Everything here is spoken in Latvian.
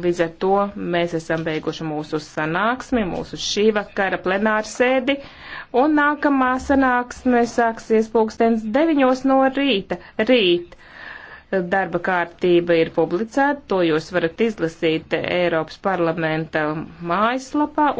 Līdz ar to mēs esam beiguši mūsu sanāksmi, mūsu šī vakara plenāru sēdi, un nākamā sanāksme sāksies pulkstens 9 no rīta. Rīt darba kārtība ir publicēta, to jūs varat izlasīt Eiropas parlamenta mājaslapā.